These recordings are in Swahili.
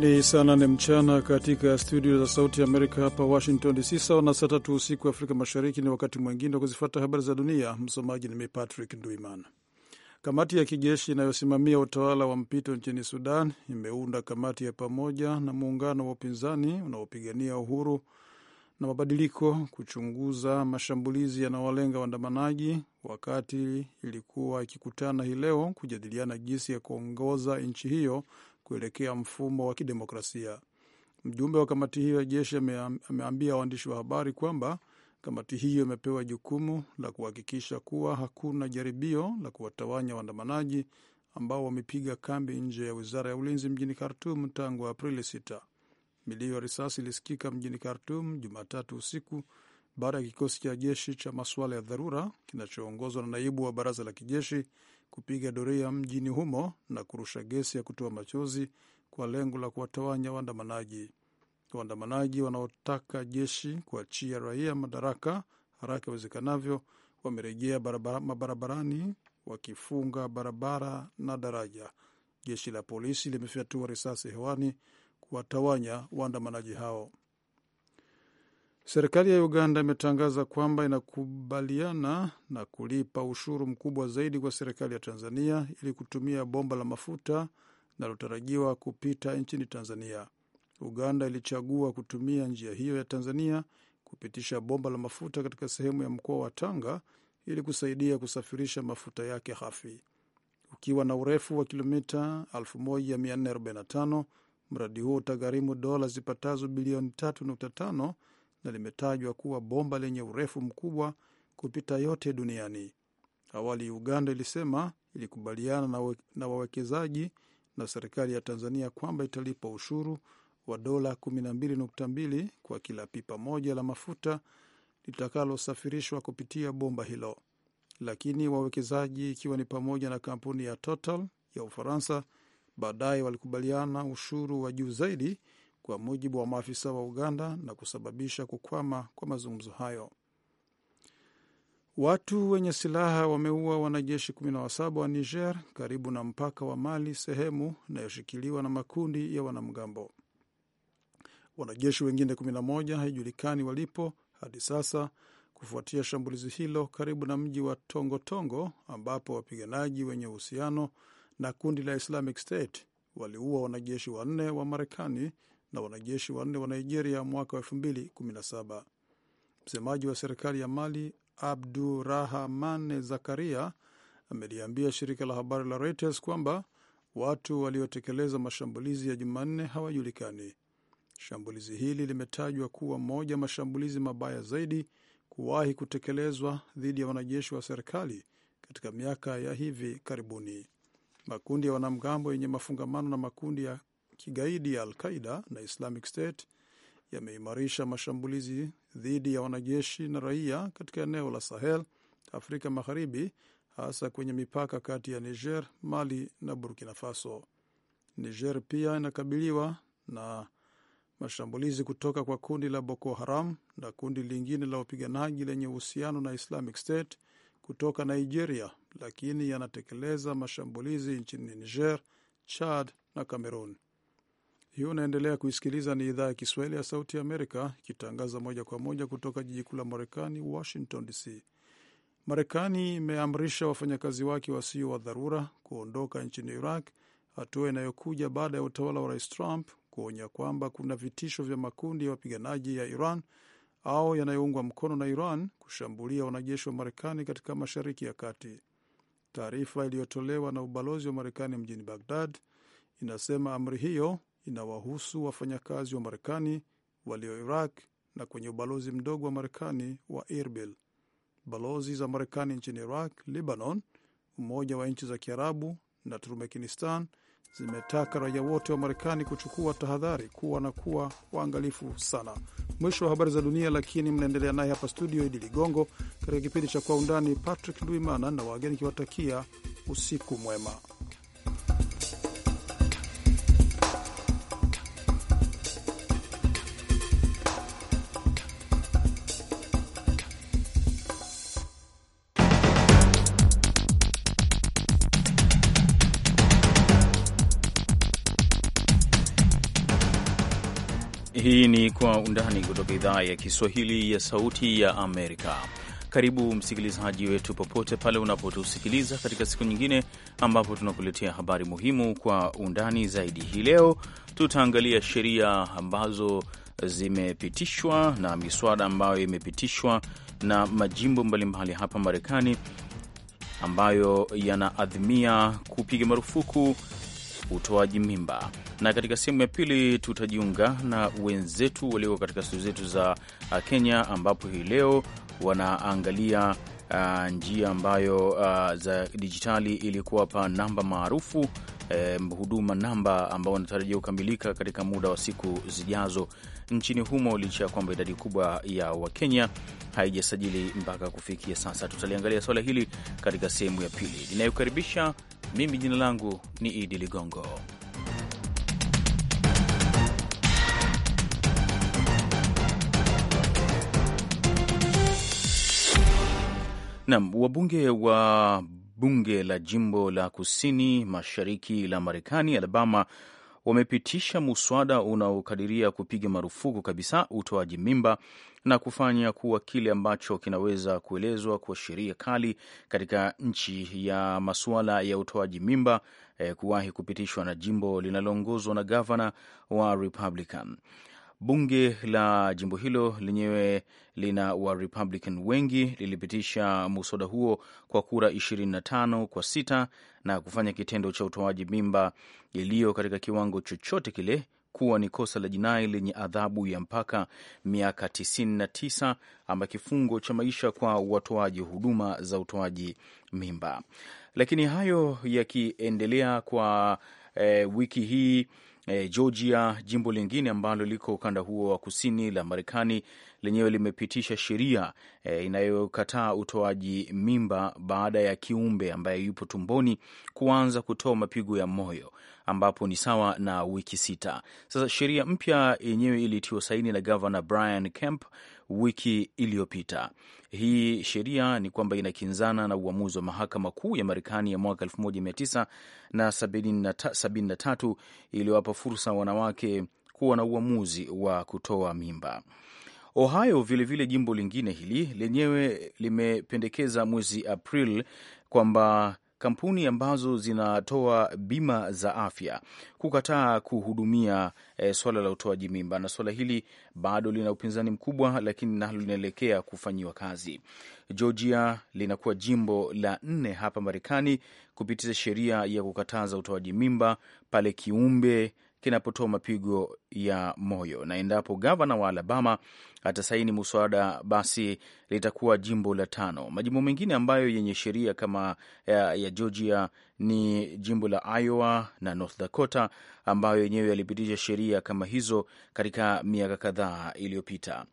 Ni saa nane mchana katika studio za Sauti ya Amerika hapa Washington DC, sawa na saa tatu usiku Afrika Mashariki. Ni wakati mwingine wa kuzifata habari za dunia. Msomaji ni mimi Patrick Kamati ya kijeshi inayosimamia utawala wa mpito nchini Sudan imeunda kamati ya pamoja na muungano wa upinzani unaopigania uhuru na mabadiliko kuchunguza mashambulizi yanayowalenga waandamanaji, wakati ilikuwa ikikutana hii leo kujadiliana jinsi ya kuongoza nchi hiyo kuelekea mfumo wa kidemokrasia. Mjumbe wa kamati hiyo ya jeshi ameambia waandishi wa habari kwamba kamati hiyo imepewa jukumu la kuhakikisha kuwa hakuna jaribio la kuwatawanya waandamanaji ambao wamepiga kambi nje ya wizara ya ulinzi mjini Khartum tangu Aprili 6. Milio ya risasi ilisikika mjini Khartum Jumatatu usiku baada ya kikosi cha jeshi cha masuala ya dharura kinachoongozwa na naibu wa baraza la kijeshi kupiga doria mjini humo na kurusha gesi ya kutoa machozi kwa lengo la kuwatawanya waandamanaji. Waandamanaji wanaotaka jeshi kuachia raia madaraka haraka iwezekanavyo wamerejea barabara, mabarabarani wakifunga barabara na daraja. Jeshi la polisi limefyatua risasi hewani kuwatawanya waandamanaji hao. Serikali ya Uganda imetangaza kwamba inakubaliana na kulipa ushuru mkubwa zaidi kwa serikali ya Tanzania ili kutumia bomba la mafuta linalotarajiwa kupita nchini Tanzania. Uganda ilichagua kutumia njia hiyo ya Tanzania kupitisha bomba la mafuta katika sehemu ya mkoa wa Tanga ili kusaidia kusafirisha mafuta yake hafi Ukiwa na urefu wa kilomita 1445 mradi huo utagharimu dola zipatazo bilioni 3.5 na limetajwa kuwa bomba lenye urefu mkubwa kupita yote duniani. Awali Uganda ilisema ilikubaliana na wawekezaji na serikali ya Tanzania kwamba italipa ushuru wa dola 12.2 kwa kila pipa moja la mafuta litakalosafirishwa kupitia bomba hilo, lakini wawekezaji ikiwa ni pamoja na kampuni ya Total ya Ufaransa baadaye walikubaliana ushuru wa juu zaidi kwa mujibu wa maafisa wa Uganda, na kusababisha kukwama kwa mazungumzo hayo. Watu wenye silaha wameua wanajeshi 17 wa Niger karibu na mpaka wa Mali, sehemu inayoshikiliwa na makundi ya wanamgambo. Wanajeshi wengine 11 haijulikani walipo hadi sasa kufuatia shambulizi hilo karibu na mji wa Tongotongo -tongo, ambapo wapiganaji wenye uhusiano na kundi la Islamic State waliua wanajeshi wanne wa Marekani na wanajeshi wanne wa Nigeria mwaka wa 2017. Msemaji wa serikali ya Mali Abdurahman Zakaria ameliambia shirika la habari la Reuters kwamba watu waliotekeleza mashambulizi ya Jumanne hawajulikani. Shambulizi hili limetajwa kuwa moja mashambulizi mabaya zaidi kuwahi kutekelezwa dhidi ya wanajeshi wa serikali katika miaka ya hivi karibuni. Makundi ya wanamgambo yenye mafungamano na makundi ya kigaidi ya Al-Qaida na Islamic State yameimarisha mashambulizi dhidi ya wanajeshi na raia katika eneo la Sahel, Afrika Magharibi, hasa kwenye mipaka kati ya Niger, Mali na Burkina Faso. Niger pia inakabiliwa na mashambulizi kutoka kwa kundi la Boko Haram na kundi lingine la wapiganaji lenye uhusiano na Islamic State kutoka Nigeria, lakini yanatekeleza mashambulizi nchini Niger, Chad na Cameroon. Hii unaendelea kuisikiliza ni idhaa ya Kiswahili ya Sauti ya Amerika ikitangaza moja kwa moja kutoka jiji kuu la Marekani, Washington DC. Marekani imeamrisha wafanyakazi wake wasio wa dharura kuondoka nchini Iraq, hatua inayokuja baada ya utawala wa Rais Trump kuonya kwamba kuna vitisho vya makundi ya wapiganaji ya Iran au yanayoungwa mkono na Iran kushambulia wanajeshi wa Marekani katika Mashariki ya Kati. Taarifa iliyotolewa na ubalozi wa Marekani mjini Bagdad inasema amri hiyo inawahusu wafanyakazi wa Marekani walio Iraq na kwenye ubalozi mdogo wa Marekani wa Erbil. Balozi za Marekani nchini Iraq, Lebanon, Umoja wa Nchi za Kiarabu na Turkmenistan zimetaka raia wote wa Marekani kuchukua tahadhari, kuwa na kuwa waangalifu sana. Mwisho wa habari za dunia, lakini mnaendelea naye hapa studio Idi Ligongo katika kipindi cha Kwa Undani. Patrick Duimana na wageni kiwatakia usiku mwema. Hii ni Kwa Undani kutoka idhaa ya Kiswahili ya Sauti ya Amerika. Karibu msikilizaji wetu popote pale unapotusikiliza katika siku nyingine ambapo tunakuletea habari muhimu kwa undani zaidi. Hii leo tutaangalia sheria ambazo zimepitishwa na miswada ambayo imepitishwa na majimbo mbalimbali hapa Marekani ambayo yanaadhimia kupiga marufuku utoaji mimba na katika sehemu ya pili tutajiunga na wenzetu walioko katika studio zetu za uh, Kenya, ambapo hii leo wanaangalia uh, njia ambayo uh, za dijitali ilikuwa pa namba maarufu eh, huduma namba ambao wanatarajia kukamilika katika muda wa siku zijazo nchini humo, licha ya kwamba idadi kubwa ya Wakenya haijasajili mpaka kufikia sasa. Tutaliangalia swala hili katika sehemu ya pili. Ninayokaribisha mimi, jina langu ni Idi Ligongo. Nam, wabunge wa bunge la jimbo la kusini mashariki la Marekani, Alabama, wamepitisha muswada unaokadiria kupiga marufuku kabisa utoaji mimba na kufanya kuwa kile ambacho kinaweza kuelezwa kwa sheria kali katika nchi ya masuala ya utoaji mimba eh, kuwahi kupitishwa na jimbo linaloongozwa na gavana wa Republican. Bunge la jimbo hilo lenyewe lina wa Republican wengi, lilipitisha muswada huo kwa kura 25 kwa sita na kufanya kitendo cha utoaji mimba iliyo katika kiwango chochote kile kuwa ni kosa la jinai lenye adhabu ya mpaka miaka 99 ama kifungo cha maisha kwa watoaji huduma za utoaji mimba. Lakini hayo yakiendelea kwa eh, wiki hii e, Georgia, jimbo lingine ambalo liko ukanda huo wa kusini la Marekani, lenyewe limepitisha sheria e, inayokataa utoaji mimba baada ya kiumbe ambaye yupo tumboni kuanza kutoa mapigo ya moyo ambapo ni sawa na wiki sita. Sasa sheria mpya yenyewe ilitiwa saini na gavana Brian Kemp wiki iliyopita. Hii sheria ni kwamba inakinzana na uamuzi wa mahakama kuu ya Marekani ya mwaka 1973 iliyowapa fursa wanawake kuwa na uamuzi wa kutoa mimba. Ohio vilevile vile jimbo lingine hili lenyewe limependekeza mwezi April kwamba kampuni ambazo zinatoa bima za afya kukataa kuhudumia e, swala la utoaji mimba, na swala hili bado lina upinzani mkubwa, lakini nalo linaelekea kufanyiwa kazi. Georgia linakuwa jimbo la nne hapa Marekani kupitisha sheria ya kukataza utoaji mimba pale kiumbe kinapotoa mapigo ya moyo, na endapo gavana wa Alabama atasaini muswada, basi litakuwa jimbo la tano. Majimbo mengine ambayo yenye sheria kama ya, ya Georgia ni jimbo la Iowa na North Dakota ambayo yenyewe yalipitisha sheria kama hizo katika miaka kadhaa iliyopita.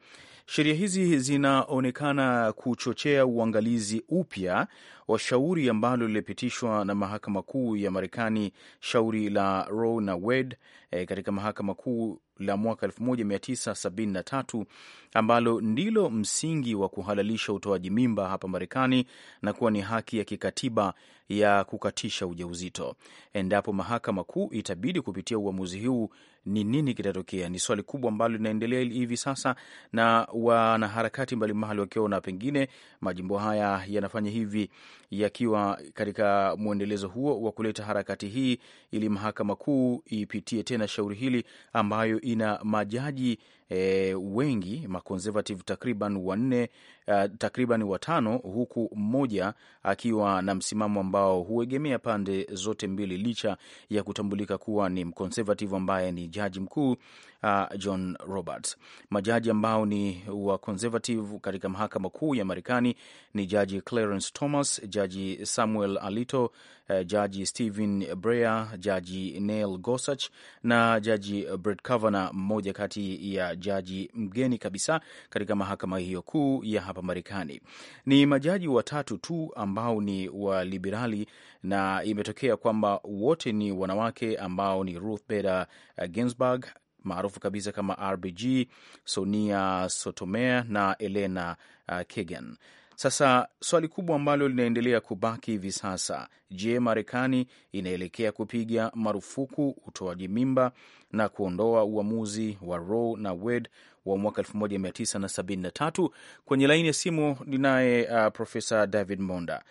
Sheria hizi zinaonekana kuchochea uangalizi upya wa shauri ambalo lilipitishwa na mahakama kuu ya Marekani, shauri la Roe na Wade e, katika mahakama kuu la mwaka 1973 ambalo ndilo msingi wa kuhalalisha utoaji mimba hapa Marekani na kuwa ni haki ya kikatiba ya kukatisha ujauzito. Endapo mahakama kuu itabidi kupitia uamuzi huu, ni nini kitatokea? Ni swali kubwa ambalo linaendelea hivi sasa, na wanaharakati mbalimbali wakiona pengine majimbo haya yanafanya hivi yakiwa katika mwendelezo huo wa kuleta harakati hii, ili mahakama kuu ipitie tena shauri hili ambayo ina majaji e, wengi maconservative takriban wanne, uh, takriban watano, huku mmoja akiwa na msimamo ambao huegemea pande zote mbili, licha ya kutambulika kuwa ni mconservative ambaye ni jaji mkuu uh, John Roberts. Majaji ambao ni wa conservative katika mahakama kuu ya Marekani ni jaji Clarence Thomas, jaji Samuel Alito, uh, jaji Stephen Breyer, jaji Neil Gorsuch na jaji Brett Kavanaugh, mmoja kati ya jaji mgeni kabisa katika mahakama hiyo kuu ya hapa Marekani. Ni majaji watatu tu ambao ni wa liberali na imetokea kwamba wote ni wanawake ambao ni Ruth Bader Ginsburg, maarufu kabisa kama RBG, Sonia Sotomayor na Elena uh, kegan Kagan. Sasa swali kubwa ambalo linaendelea kubaki hivi sasa, je, Marekani inaelekea kupiga marufuku utoaji mimba na kuondoa uamuzi wa Roe na Wade wa mwaka 1973? Kwenye laini ya simu ninaye uh, Profesa David Monda.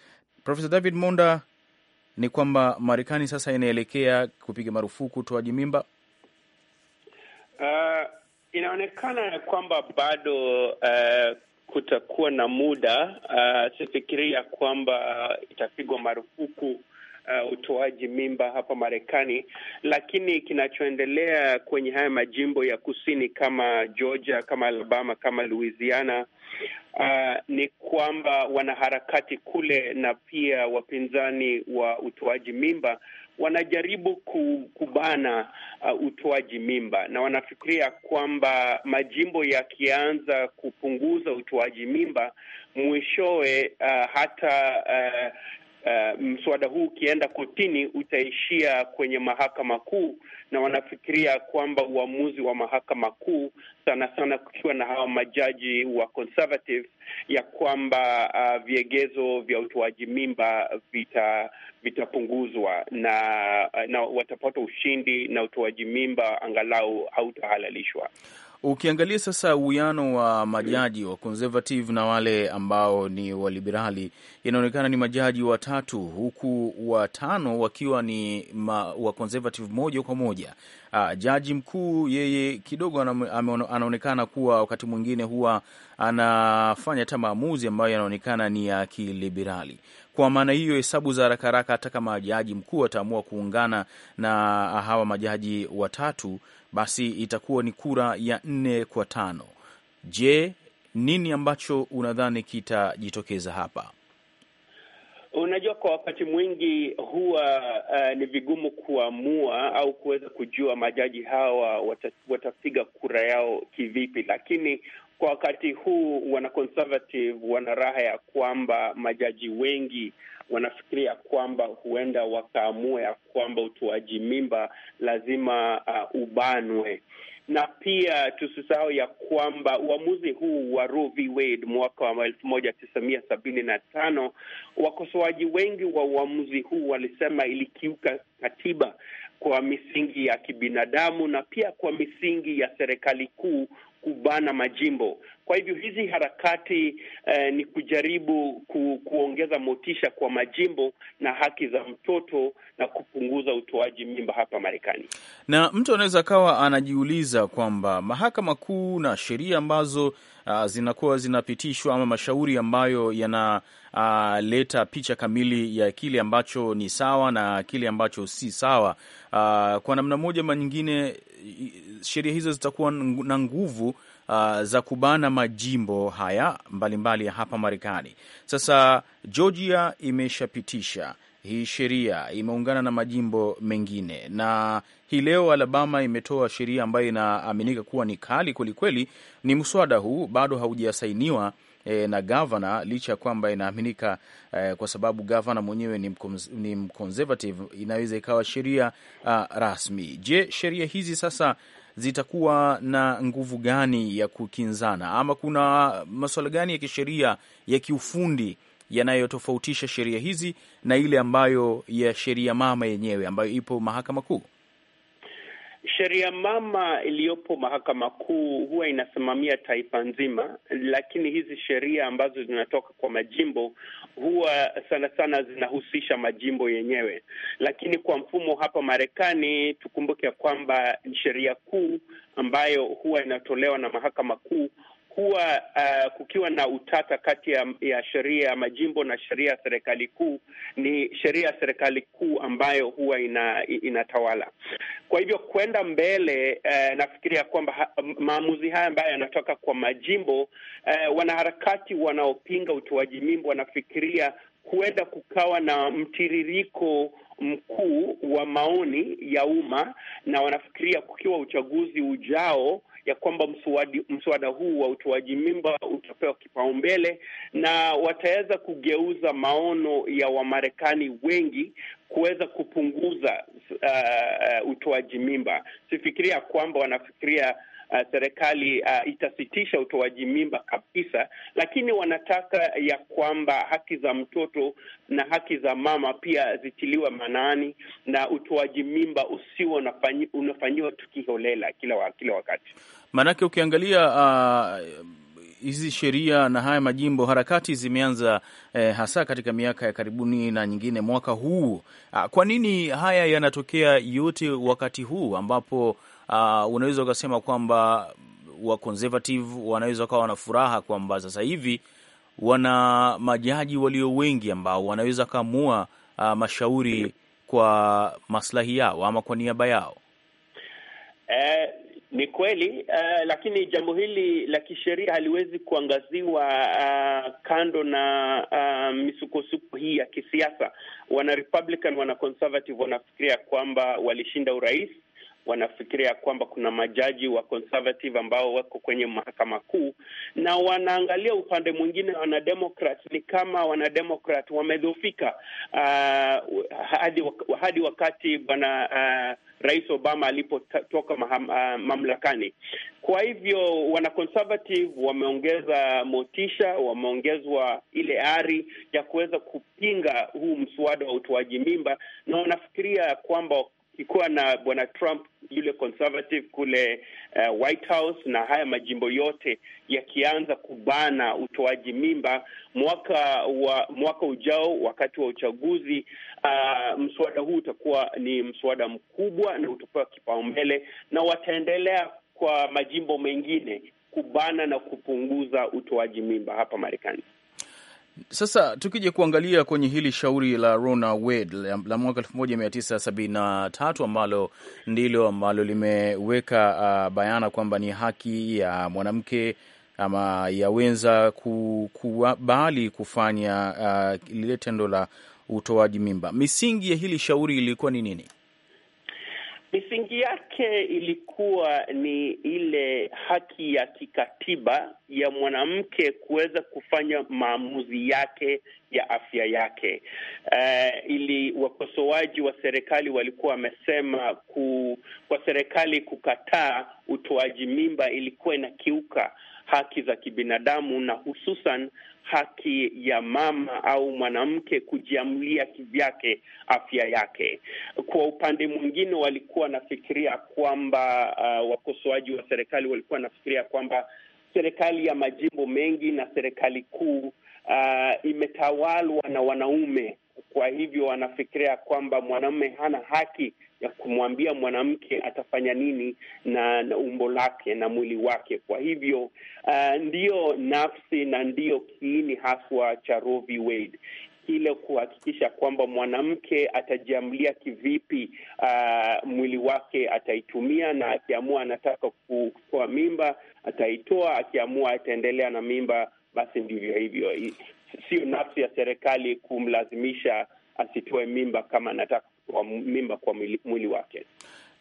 Profesa David Monda, ni kwamba Marekani sasa inaelekea kupiga marufuku utoaji mimba Uh, inaonekana ya kwamba bado uh, kutakuwa na muda uh, sifikiria kwamba itapigwa marufuku Uh, utoaji mimba hapa Marekani, lakini kinachoendelea kwenye haya majimbo ya kusini kama Georgia, kama Alabama, kama Louisiana uh, ni kwamba wanaharakati kule na pia wapinzani wa utoaji mimba wanajaribu kubana uh, utoaji mimba na wanafikiria kwamba majimbo yakianza kupunguza utoaji mimba mwishowe, uh, hata uh, uh, mswada huu ukienda kotini utaishia kwenye mahakama kuu, na wanafikiria kwamba uamuzi wa mahakama kuu sana sana, kukiwa na hawa majaji wa conservative, ya kwamba uh, viegezo vya utoaji mimba vita vitapunguzwa na, na watapata ushindi na utoaji mimba angalau hautahalalishwa. Ukiangalia sasa uwiano wa majaji wa conservative na wale ambao ni waliberali, inaonekana ni majaji watatu huku watano wakiwa ni ma, wa conservative moja kwa moja. Uh, jaji mkuu yeye kidogo anaonekana kuwa wakati mwingine huwa anafanya hata maamuzi ambayo yanaonekana ni ya kiliberali. Kwa maana hiyo, hesabu za haraka haraka, hata kama jaji mkuu ataamua kuungana na hawa majaji watatu basi itakuwa ni kura ya nne kwa tano. Je, nini ambacho unadhani kitajitokeza hapa? Unajua, kwa wakati mwingi huwa uh, ni vigumu kuamua au kuweza kujua majaji hawa watapiga kura yao kivipi, lakini kwa wakati huu wana conservative wana raha ya kwamba majaji wengi wanafikiria kwamba huenda wakaamua ya kwamba utoaji mimba lazima uh, ubanwe na pia tusisahau ya kwamba uamuzi huu wa Roe v. Wade mwaka wa elfu moja tisa mia sabini na tano, wakosoaji wengi wa uamuzi huu walisema ilikiuka katiba kwa misingi ya kibinadamu na pia kwa misingi ya serikali kuu kubana majimbo. Kwa hivyo hizi harakati eh, ni kujaribu ku, kuongeza motisha kwa majimbo na haki za mtoto na kupunguza utoaji mimba hapa Marekani. Na mtu anaweza akawa anajiuliza kwamba mahakama kuu na sheria ambazo uh, zinakuwa zinapitishwa ama mashauri ambayo yanaleta ah, uh, picha kamili ya kile ambacho ni sawa na kile ambacho si sawa, uh, kwa namna moja ama nyingine sheria hizo zitakuwa na nguvu Uh, za kubana majimbo haya mbalimbali ya hapa Marekani. Sasa Georgia imeshapitisha hii sheria, imeungana na majimbo mengine, na hii leo Alabama imetoa sheria ambayo inaaminika kuwa ni kali kwelikweli. Ni mswada huu bado haujasainiwa e, na gavana, licha ya kwamba inaaminika e, kwa sababu gavana mwenyewe ni, mkonz, ni mconservative, inaweza ikawa sheria ah, rasmi. Je, sheria hizi sasa zitakuwa na nguvu gani ya kukinzana, ama kuna masuala gani ya kisheria ya kiufundi yanayotofautisha sheria hizi na ile ambayo ya sheria mama yenyewe ambayo ipo mahakama kuu? Sheria mama iliyopo mahakama kuu huwa inasimamia taifa nzima, lakini hizi sheria ambazo zinatoka kwa majimbo huwa sana sana zinahusisha majimbo yenyewe. Lakini kwa mfumo hapa Marekani, tukumbuke kwamba sheria kuu ambayo huwa inatolewa na mahakama kuu kuwa uh, kukiwa na utata kati ya, ya sheria ya majimbo na sheria ya serikali kuu. Ni sheria ya serikali kuu ambayo huwa ina, inatawala. Kwa hivyo kwenda mbele, uh, nafikiria kwamba ha, maamuzi haya ambayo yanatoka kwa majimbo, uh, wanaharakati wanaopinga utoaji mimbo wanafikiria huenda kukawa na mtiririko mkuu wa maoni ya umma, na wanafikiria kukiwa uchaguzi ujao ya kwamba mswada huu wa utoaji mimba utapewa kipaumbele na wataweza kugeuza maono ya Wamarekani wengi kuweza kupunguza uh, uh utoaji mimba. Sifikiria kwamba wanafikiria uh, serikali uh, itasitisha utoaji mimba kabisa, lakini wanataka ya kwamba haki za mtoto na haki za mama pia zitiliwe maanani na utoaji mimba usio unafanyiwa tukiholela kila, kila wakati. Maanake ukiangalia uh hizi sheria na haya majimbo, harakati zimeanza eh, hasa katika miaka ya karibuni na nyingine mwaka huu. Uh, kwa nini haya yanatokea yote wakati huu ambapo uh, unaweza ukasema kwamba wa conservative wanaweza wakawa wana furaha kwamba sasa hivi wana majaji walio wengi ambao wanaweza wakamua uh, ah, mashauri kwa maslahi yao ama kwa niaba yao. Eh, ni kweli eh, lakini jambo hili la kisheria haliwezi kuangaziwa uh, kando na uh, misukosuko hii ya kisiasa. Wana Republican, wana Conservative wanafikiria kwamba walishinda urais wanafikiria kwamba kuna majaji wa conservative ambao wako kwenye mahakama kuu, na wanaangalia upande mwingine wanademokrat, ni kama wanademokrat wamedhofika uh, hadi, hadi wakati bwana uh, Rais Obama alipotoka uh, mamlakani. Kwa hivyo wana conservative wameongeza motisha, wameongezwa ile ari ya kuweza kupinga huu mswada wa utoaji mimba, na wanafikiria kwamba kulikuwa na bwana Trump yule conservative kule uh, White House na haya majimbo yote yakianza kubana utoaji mimba mwaka wa mwaka ujao wakati wa uchaguzi uh, mswada huu utakuwa ni mswada mkubwa na utapewa kipaumbele, na wataendelea kwa majimbo mengine kubana na kupunguza utoaji mimba hapa Marekani. Sasa tukija kuangalia kwenye hili shauri la Rona Wade la mwaka 1973 ambalo ndilo ambalo limeweka uh, bayana kwamba ni haki ya mwanamke ama ya wenza kukubali kufanya uh, lile tendo la utoaji mimba. Misingi ya hili shauri ilikuwa ni nini? Misingi yake ilikuwa ni ile haki ya kikatiba ya mwanamke kuweza kufanya maamuzi yake ya afya yake. Uh, ili wakosoaji wa serikali walikuwa wamesema ku, kwa serikali kukataa utoaji mimba ilikuwa inakiuka haki za kibinadamu na hususan haki ya mama au mwanamke kujiamulia kivyake afya yake. Kwa upande mwingine, walikuwa wanafikiria kwamba uh, wakosoaji wa serikali walikuwa wanafikiria kwamba serikali ya majimbo mengi na serikali kuu uh, imetawalwa na wanaume. Kwa hivyo wanafikiria kwamba mwanaume hana haki ya kumwambia mwanamke atafanya nini na, na umbo lake na mwili wake. Kwa hivyo uh, ndiyo nafsi na ndiyo kiini haswa cha Roe v. Wade kile kuhakikisha kwamba mwanamke atajiamlia kivipi, uh, mwili wake ataitumia, na akiamua anataka kutoa mimba ataitoa, akiamua ataendelea na mimba, basi ndivyo hivyo. Sio nafsi ya serikali kumlazimisha asitoe mimba kama anataka wa mimba kwa mwili, wake.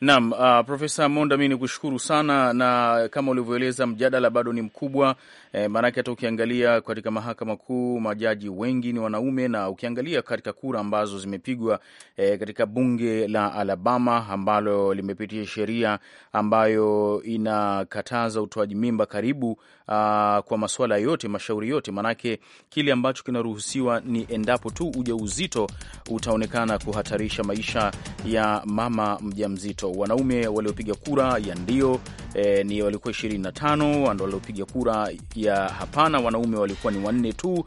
Naam, uh, Profesa Monda, mi ni kushukuru sana, na kama ulivyoeleza mjadala bado ni mkubwa eh, maanake hata ukiangalia katika mahakama kuu majaji wengi ni wanaume, na ukiangalia katika kura ambazo zimepigwa eh, katika bunge la Alabama ambalo limepitia sheria ambayo inakataza utoaji mimba karibu uh, kwa masuala yote, mashauri yote, maanake kile ambacho kinaruhusiwa ni endapo tu ujauzito utaonekana kuhatarisha maisha ya mama mjamzito wanaume waliopiga kura ya ndio e, ni walikuwa 25 na waliopiga kura ya hapana wanaume walikuwa ni wanne tu.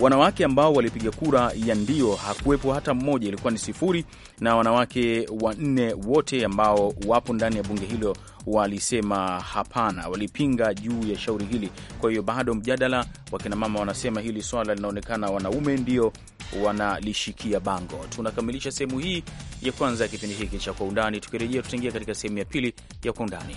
Wanawake ambao walipiga kura ya ndio hakuwepo hata mmoja, ilikuwa ni sifuri, na wanawake wanne wote ambao wapo ndani ya bunge hilo walisema hapana, walipinga juu ya shauri hili. Kwa hiyo bado mjadala, wakinamama wanasema hili swala linaonekana wanaume ndio wanalishikia bango. Tunakamilisha sehemu hii ya kwanza ya kipindi hiki cha Kwa Undani. Tukirejea tutaingia katika sehemu ya pili ya Kwa Undani.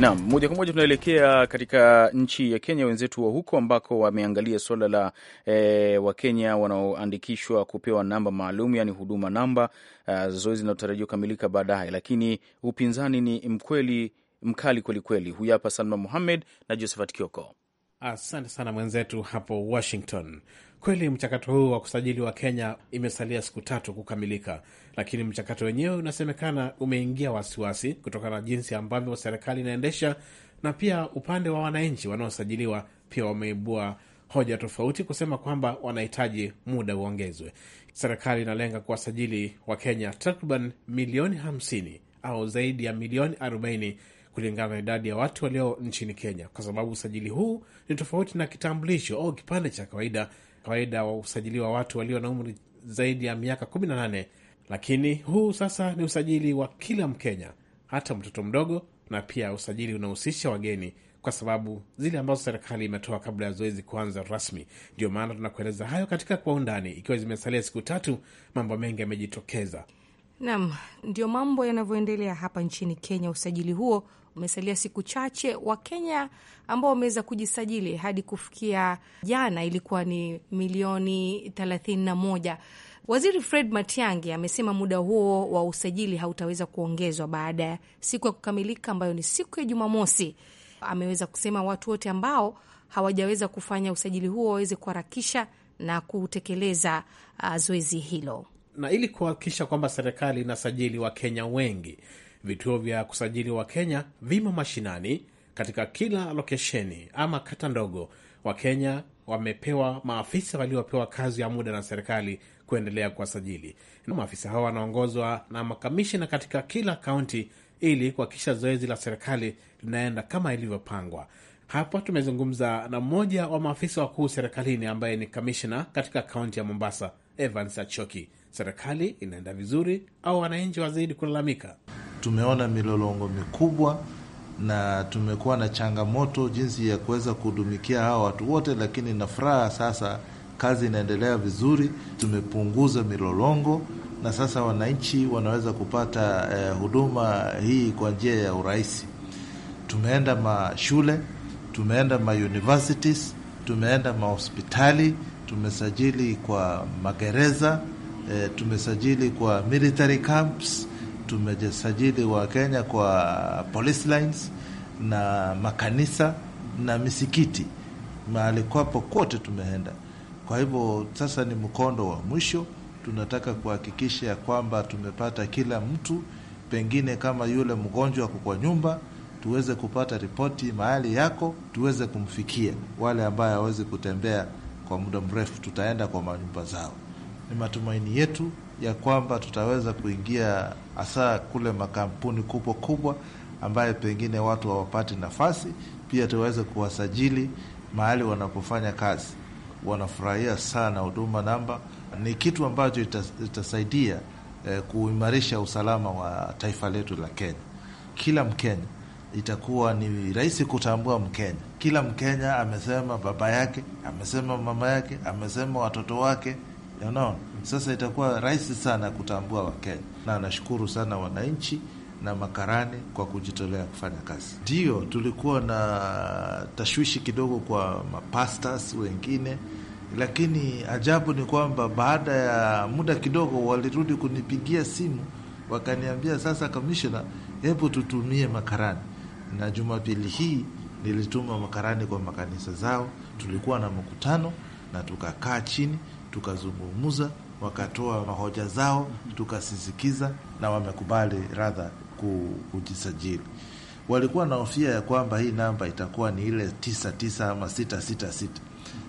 Naam, moja kwa moja tunaelekea katika nchi ya Kenya, wenzetu wa huko ambako wameangalia suala la e, eh, Wakenya wanaoandikishwa kupewa namba maalum, yaani huduma namba, ah, zoezi linalotarajiwa kukamilika baadaye, lakini upinzani ni mkweli mkali kwelikweli. Huyu hapa Salma Muhamed na Josephat Kioko. Asante sana mwenzetu hapo Washington. Kweli mchakato huu wa kusajili wa Kenya imesalia siku tatu kukamilika, lakini mchakato wenyewe unasemekana umeingia wasiwasi kutokana na jinsi ambavyo serikali inaendesha, na pia upande wa wananchi wanaosajiliwa pia wameibua hoja tofauti kusema kwamba wanahitaji muda uongezwe. Serikali inalenga kuwasajili Wakenya takriban milioni 50 au zaidi ya milioni 40 kulingana na idadi ya watu walio nchini Kenya, kwa sababu usajili huu ni tofauti na kitambulisho au kipande cha kawaida kawaida wa usajili wa watu walio na umri zaidi ya miaka 18, lakini huu sasa ni usajili wa kila Mkenya, hata mtoto mdogo, na pia usajili unahusisha wageni kwa sababu zile ambazo serikali imetoa kabla ya zoezi kuanza rasmi. Ndio maana tunakueleza hayo katika kwa undani. Ikiwa zimesalia siku tatu, mambo mengi yamejitokeza. Naam, ndio mambo yanavyoendelea hapa nchini Kenya. Usajili huo umesalia siku chache. Wakenya ambao wameweza kujisajili hadi kufikia jana ilikuwa ni milioni thelathini na moja. Waziri Fred Matiang'i amesema muda huo wa usajili hautaweza kuongezwa baada ya siku ya kukamilika ambayo ni siku ya Jumamosi. Ameweza kusema watu wote ambao hawajaweza kufanya usajili huo waweze kuharakisha na kutekeleza uh, zoezi hilo na ili kuhakikisha kwamba serikali inasajili Wakenya wengi, vituo vya kusajili Wakenya vimo mashinani katika kila lokesheni ama kata ndogo. Wakenya wamepewa maafisa waliopewa kazi ya muda na serikali kuendelea kuwasajili. Maafisa hao wanaongozwa na makamishina katika kila kaunti ili kuhakikisha zoezi la serikali linaenda kama ilivyopangwa. Hapa tumezungumza na mmoja wa maafisa wakuu serikalini ambaye ni kamishna katika kaunti ya Mombasa, Evans Achoki, serikali inaenda vizuri au wananchi wazidi kulalamika? Tumeona milolongo mikubwa na tumekuwa na changamoto jinsi ya kuweza kuhudumikia hawa watu wote, lakini na furaha sasa kazi inaendelea vizuri, tumepunguza milolongo na sasa wananchi wanaweza kupata eh, huduma hii kwa njia ya urahisi. Tumeenda mashule, tumeenda ma universities tumeenda mahospitali, tumesajili kwa magereza e, tumesajili kwa military camps, tumesajili wa Kenya kwa police lines na makanisa na misikiti, mahali kwapo kote tumeenda. Kwa hivyo sasa ni mkondo wa mwisho, tunataka kuhakikisha ya kwamba tumepata kila mtu, pengine kama yule mgonjwa ako kwa nyumba tuweze kupata ripoti mahali yako, tuweze kumfikia. Wale ambaye hawezi kutembea kwa muda mrefu, tutaenda kwa manyumba zao. Ni matumaini yetu ya kwamba tutaweza kuingia hasa kule makampuni kubwa kubwa ambaye pengine watu hawapati nafasi, pia tuweze kuwasajili mahali wanapofanya kazi. Wanafurahia sana huduma namba, ni kitu ambacho itasaidia eh, kuimarisha usalama wa taifa letu la Kenya. Kila Mkenya itakuwa ni rahisi kutambua Mkenya. Kila Mkenya amesema baba yake, amesema mama yake, amesema watoto wake, know? Sasa itakuwa rahisi sana kutambua Wakenya, na nashukuru sana wananchi na makarani kwa kujitolea kufanya kazi. Ndio tulikuwa na tashwishi kidogo kwa mapastas wengine, lakini ajabu ni kwamba baada ya muda kidogo walirudi kunipigia simu wakaniambia, sasa kamishna, hebu tutumie makarani na Jumapili hii nilituma makarani kwa makanisa zao. Tulikuwa na mkutano na tukakaa chini tukazungumza, wakatoa mahoja zao, tukasisikiza na wamekubali radha kujisajili. Walikuwa na hofia ya kwamba hii namba itakuwa ni ile tisa tisa ama sita sita sita,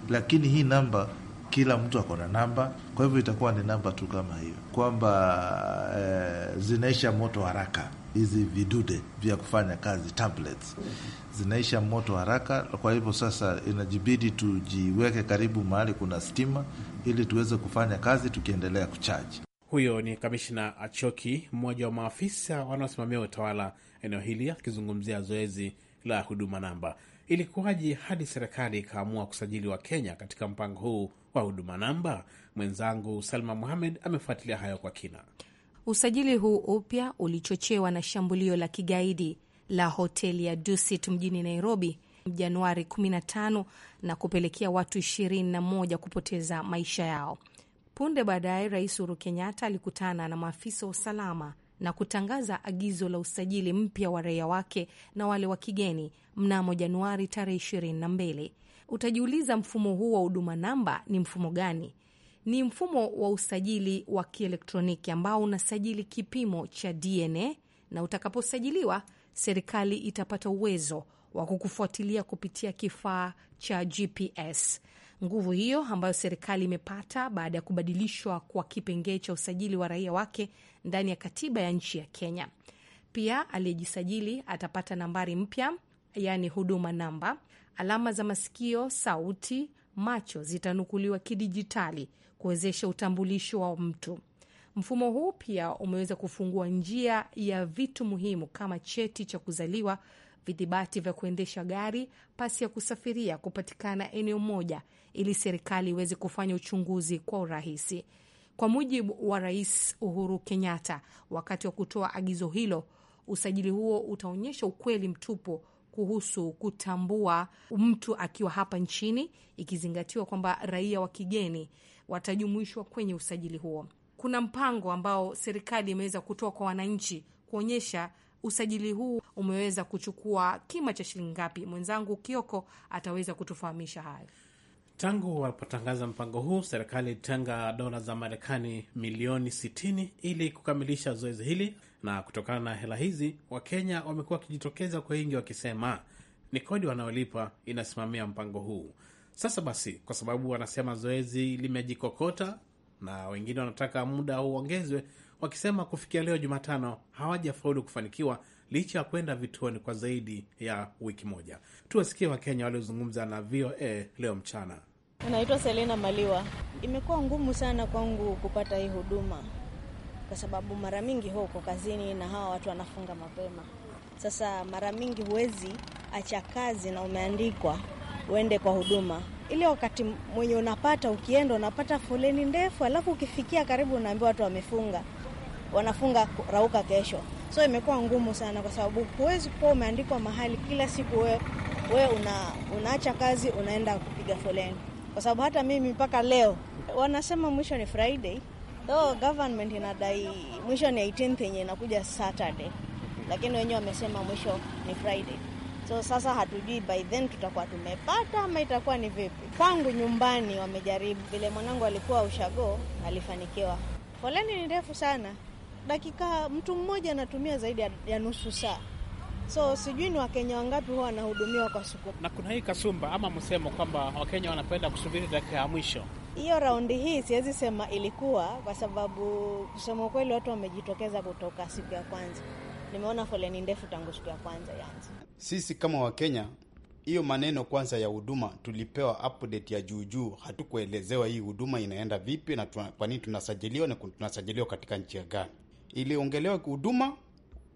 lakini hii namba kila mtu ako na namba, kwa hivyo itakuwa ni namba tu kama hiyo kwamba e, zinaisha moto haraka hizi vidude vya kufanya kazi tablets zinaisha moto haraka. Kwa hivyo sasa inajibidi tujiweke karibu mahali kuna stima ili tuweze kufanya kazi tukiendelea kuchaji. Huyo ni Kamishna Achoki, mmoja wa maafisa wanaosimamia utawala eneo hili, akizungumzia zoezi la huduma namba. Ilikuwaje hadi serikali ikaamua kusajili wa kenya katika mpango huu wa huduma namba? Mwenzangu Salma Muhamed amefuatilia hayo kwa kina. Usajili huu upya ulichochewa na shambulio la kigaidi la hoteli ya Dusit mjini Nairobi Januari 15 na kupelekea watu 21 kupoteza maisha yao. Punde baadaye, Rais Uhuru Kenyatta alikutana na maafisa wa usalama na kutangaza agizo la usajili mpya wa raia wake na wale wa kigeni mnamo Januari tarehe 22. Utajiuliza, mfumo huu wa huduma namba ni mfumo gani? ni mfumo wa usajili wa kielektroniki ambao unasajili kipimo cha DNA na utakaposajiliwa, serikali itapata uwezo wa kukufuatilia kupitia kifaa cha GPS. Nguvu hiyo ambayo serikali imepata baada ya kubadilishwa kwa kipengee cha usajili wa raia wake ndani ya katiba ya nchi ya Kenya. Pia aliyejisajili atapata nambari mpya, yaani huduma namba. Alama za masikio, sauti, macho zitanukuliwa kidijitali kuwezesha utambulisho wa mtu. Mfumo huu pia umeweza kufungua njia ya vitu muhimu kama cheti cha kuzaliwa, vidhibati vya kuendesha gari, pasi ya kusafiria kupatikana eneo moja, ili serikali iweze kufanya uchunguzi kwa urahisi. Kwa mujibu wa Rais Uhuru Kenyatta wakati wa kutoa agizo hilo, usajili huo utaonyesha ukweli mtupu kuhusu kutambua mtu akiwa hapa nchini, ikizingatiwa kwamba raia wa kigeni watajumuishwa kwenye usajili huo. Kuna mpango ambao serikali imeweza kutoa kwa wananchi kuonyesha usajili huu umeweza kuchukua kima cha shilingi ngapi. Mwenzangu Kioko ataweza kutufahamisha hayo. Tangu walipotangaza mpango huu, serikali ilitenga dola za Marekani milioni 60 ili kukamilisha zoezi hili, na kutokana na hela hizi Wakenya wamekuwa wakijitokeza kwa wingi wakisema ni kodi wanaolipa inasimamia mpango huu. Sasa basi, kwa sababu wanasema zoezi limejikokota na wengine wanataka muda uongezwe, wakisema kufikia leo Jumatano hawajafaulu kufanikiwa licha ya kwenda vituoni kwa zaidi ya wiki moja. Tuwasikie Wakenya waliozungumza na VOA leo mchana. Anaitwa Selena Maliwa. Imekuwa ngumu sana kwangu kupata hii huduma kwa sababu mara mingi huwa uko kazini na hawa watu wanafunga mapema. Sasa mara mingi huwezi acha kazi na umeandikwa uende kwa huduma. Ile wakati mwenye unapata ukienda, unapata foleni ndefu, alafu ukifikia karibu unaambiwa watu wamefunga, wanafunga rauka kesho. So imekuwa ngumu sana, kwa sababu huwezi kuwa umeandikwa mahali kila siku we, we una, unaacha kazi unaenda kupiga foleni, kwa sababu hata mimi mpaka leo wanasema mwisho ni Friday though government inadai mwisho ni 18th yenye inakuja Saturday, lakini wenyewe wamesema mwisho ni Friday. So sasa hatujui by then tutakuwa tumepata ama itakuwa ni vipi. Kwangu nyumbani wamejaribu, vile mwanangu alikuwa ushago alifanikiwa. Foleni ni ndefu sana, dakika mtu mmoja anatumia zaidi ya nusu saa. So sijui ni Wakenya wangapi huwa wanahudumiwa kwa siku. Na kuna hii kasumba ama msemo kwamba Wakenya wanapenda kusubiri dakika ya mwisho. Hiyo raundi hii siwezi sema ilikuwa, kwa sababu kusema ukweli, watu wamejitokeza kutoka siku ya kwanza nimeona foleni ndefu tangu siku ya kwanza yanza. Sisi kama Wakenya, hiyo maneno kwanza ya huduma tulipewa update ya juujuu, hatukuelezewa hii huduma inaenda vipi na kwa nini tunasajiliwa na tunasajiliwa katika nchi ya gani. Iliongelewa huduma,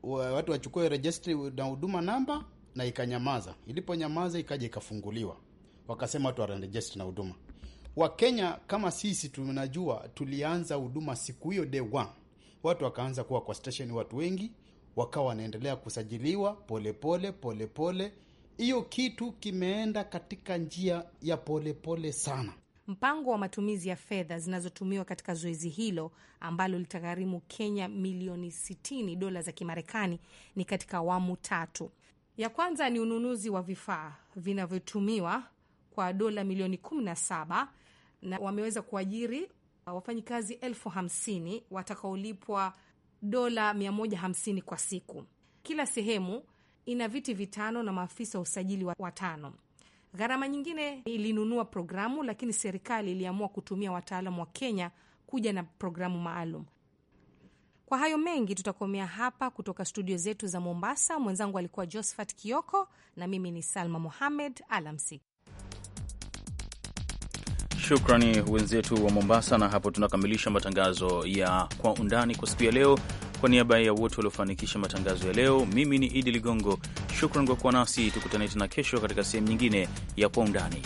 watu wachukue registry na huduma namba na ikanyamaza. Iliponyamaza ikaja ikafunguliwa, wakasema watu warejistri na huduma. Wakenya kama sisi tunajua, tulianza huduma siku hiyo day one, watu wakaanza kuwa kwa station, watu wengi wakawa wanaendelea kusajiliwa polepole polepole. Hiyo pole, kitu kimeenda katika njia ya polepole pole sana. Mpango wa matumizi ya fedha zinazotumiwa katika zoezi hilo ambalo litagharimu Kenya milioni 60 dola za Kimarekani ni katika awamu tatu. Ya kwanza ni ununuzi wa vifaa vinavyotumiwa kwa dola milioni 17, na wameweza kuajiri wafanyikazi elfu hamsini watakaolipwa dola 150 kwa siku. Kila sehemu ina viti vitano na maafisa wa usajili watano. Gharama nyingine ilinunua programu, lakini serikali iliamua kutumia wataalamu wa Kenya kuja na programu maalum. Kwa hayo mengi, tutakomea hapa kutoka studio zetu za Mombasa. Mwenzangu alikuwa Josephat Kioko na mimi ni Salma Mohamed. Alamsiki. Shukrani wenzetu wa Mombasa, na hapo tunakamilisha matangazo ya Kwa Undani kwa siku ya leo. Kwa niaba ya wote waliofanikisha matangazo ya leo, mimi ni Idi Ligongo. Shukrani kwa kuwa nasi, tukutane tena kesho katika sehemu nyingine ya Kwa Undani.